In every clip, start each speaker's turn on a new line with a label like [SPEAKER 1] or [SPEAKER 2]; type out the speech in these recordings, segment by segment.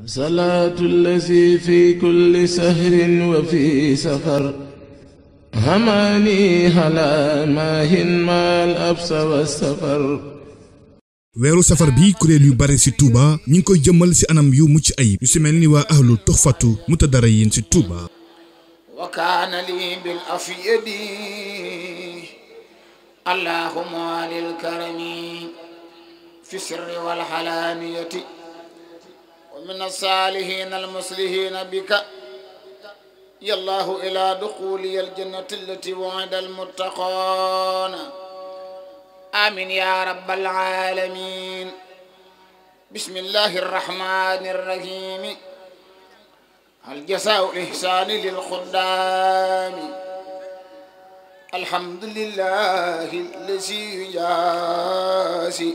[SPEAKER 1] صلاة الذي في كل سهر وفي سفر هماني هلا ماهن ما الأبس
[SPEAKER 2] والسفر weeru safar bi kuréel yu bare ci Touba ñi ngi koy jëmmal ci anam yu mucc ayib yu ci mel ni waa ahlu tuxfatu mutadarayin ci Touba
[SPEAKER 1] wa kaana li bil afyadi allahumma lil karami fi sirri wal halaniyati ومن الصالحين المصلحين بك يا الله إلى دخولي الجنة التي وعد المتقون آمين يا رب العالمين بسم الله الرحمن الرحيم هل جزاء الإحسان للخدام الحمد لله الذي يجازي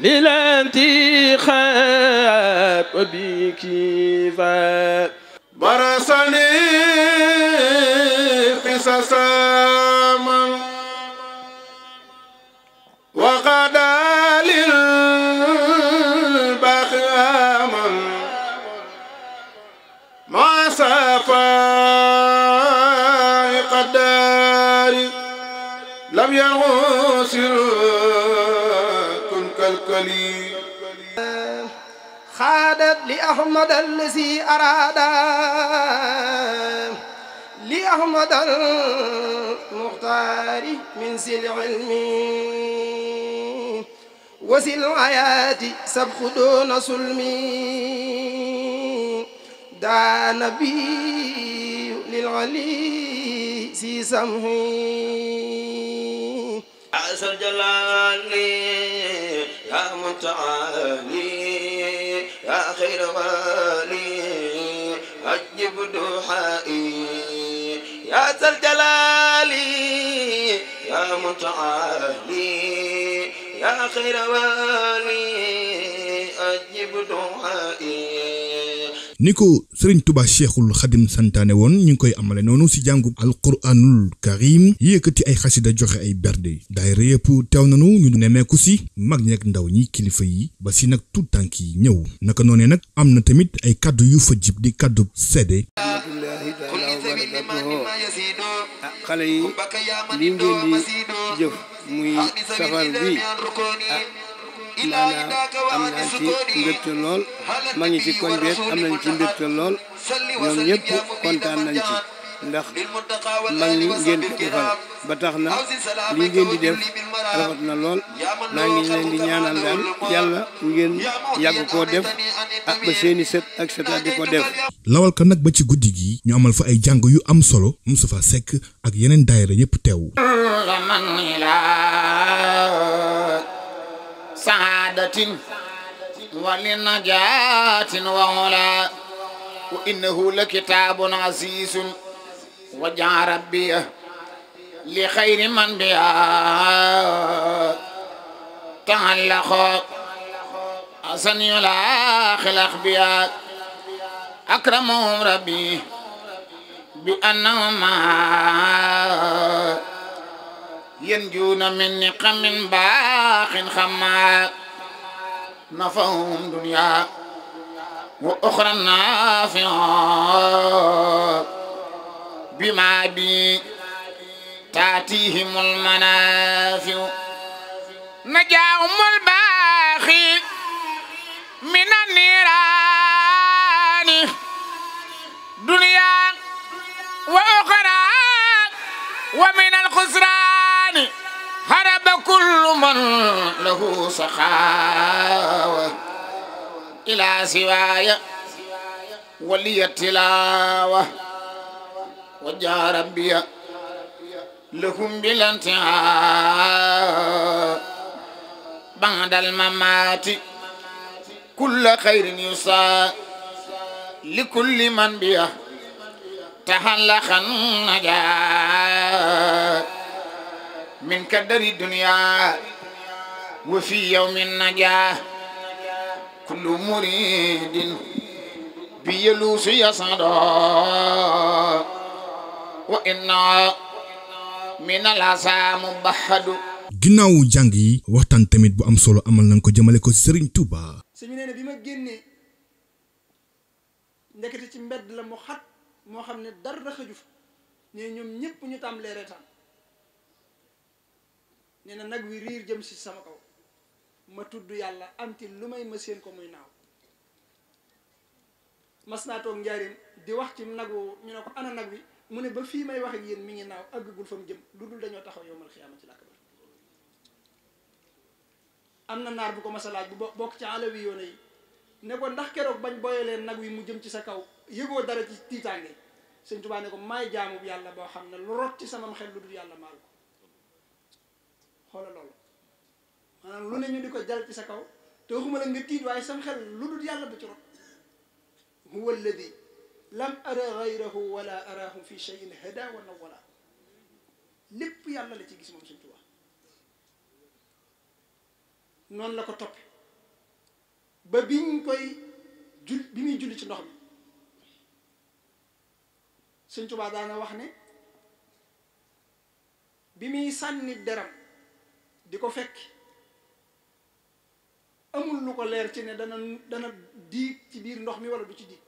[SPEAKER 3] للانتي خاب بك فاب
[SPEAKER 1] برسني قصصا من وقد للبخام ما سفا قداري لم يغسل الكليم
[SPEAKER 3] خادت لأحمد الذي أراد لأحمد المختار من سل العلم وسل الحياة سبخ دون سلمي دعا نبي للعلي سي سمحي أسر جلالي يا منتعالي يا خير والي أجب دعائي يا ذا الجلال يا منتعالي
[SPEAKER 1] يا خير والي أجب دعائي
[SPEAKER 2] ni ko sëriñ Tuubaa Cheikhul Xadim santaane woon ñu ngi koy amale noonu si jàngub alquranul karim yëkkati ay xasida joxe ay berde daayira yëpp teew nanu ñu nemeeku si mag ñeek ndaw ñi kilifa yi ba si nag tuut tànk yi ñëw naka noonee nag am na tamit ay kàddu yu fa jib di kàddu seede
[SPEAKER 3] maanaam am nañ ci mbégte lool mag ci koñ beeg am nañ ci mbégte lool ñoom ñëpp kontaan nañ ci ndax mag ñi ngeen ko defal ba tax na lii ngeen di def rafet na lool maa ngi leen di ñaanal daal yàlla ngeen yàgg koo def ak ah, ba seeni
[SPEAKER 1] set ak sëtaat di ko def.
[SPEAKER 2] lawal ka nag ba ci guddi gi ñu amal fa ay jàng yu am solo Moustapha sekk ak yeneen daayira yëpp teew.
[SPEAKER 1] سعادة ولنجاة وعلا وإنه لكتاب عزيز وجع ربي لخير من بها تعلق حسن يلاخ الأخبياء أكرمهم ربي بأنهم معاه ينجون من نقم باخ خما نفهم دنيا وأخرى نافعة بما بي تأتيهم المنافع نجاهم الباخي من النيران من له سخاوة إلى سواي ولي التلاوة وجاء ربي لهم بلا انتهاء بعد الممات كل خير يساء لكل من بيه تحلق النجاة من كدر الدنيا وفي يوم النجاة كل مريد بيلوس يصعد
[SPEAKER 2] وإنا من العصا مبحد ginnaawu jàng yi waxtaan tamit bu am solo amal nañ ko jëmale ko Serigne Touba.
[SPEAKER 1] suñu nee na bi ma génnee
[SPEAKER 3] ndekete ci mbedd la mu xat moo xam ne dara xaju fa ne ñoom ñëpp ñu tàmbalee reetaan nee na nag wi riir jëm si sama kaw. ma tudd yàlla am lu may ma ko muy naaw mas naa toog njaarim di wax ci nag woowu ñu ne ko ana nag wi mu ne ba fii may wax ak yéen mi ngi naaw àggagul fa mu jëm lu dul dañoo taxaw yow mal xiyaama ci làkk ba am na naar bu ko mas a laaj bu bokk ci alawi yoone yi ne ko ndax keroog bañ leen nag wi mu jëm ci sa kaw yëgoo dara ci tiitaange sëñ Tuubaa ko maay jaamu yàlla boo xam ne lu rot ci samam xel lu dul yàlla maal maanaam lu ne ñu di ko jal ci sa kaw te waxuma la nga tiit waaye sam xel lu dul yàlla bu ci rot huwa alladi lam ara gayrahu wala arahu fi cheyin hada wala wala lépp yàlla la ci gis moom suñ tubaab la ko topp ba bi ñu koy jul bi muy julli ci ndox mi suñ tubaab daana wax ne bi muy sànni deram di ko fekk amul lu ko leer ci ne dana dana ci biir ndox mi wala ci diig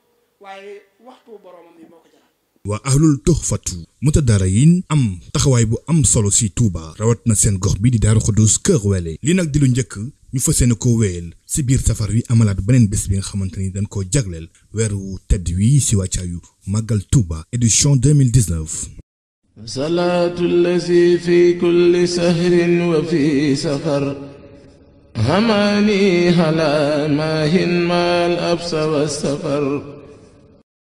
[SPEAKER 3] waaye waxtu boroomam bi moo ko jaral
[SPEAKER 2] waa ahlul tuhfatu mutadarayin am taxawaay bu am solo si Touba rawat na seen gox bi di Daaru Xuddus Kër Wele li nag di lu njëkk ñu fas yéene ko wéyal si biir safar wi amalaat beneen bés bi nga xamante ni dañ koo jagleel weer wu tedd wi ci wàccaayu màggal Touba édition 2019
[SPEAKER 1] salaatu lazi fi
[SPEAKER 2] هماني هلا ما هن ما الأبس والسفر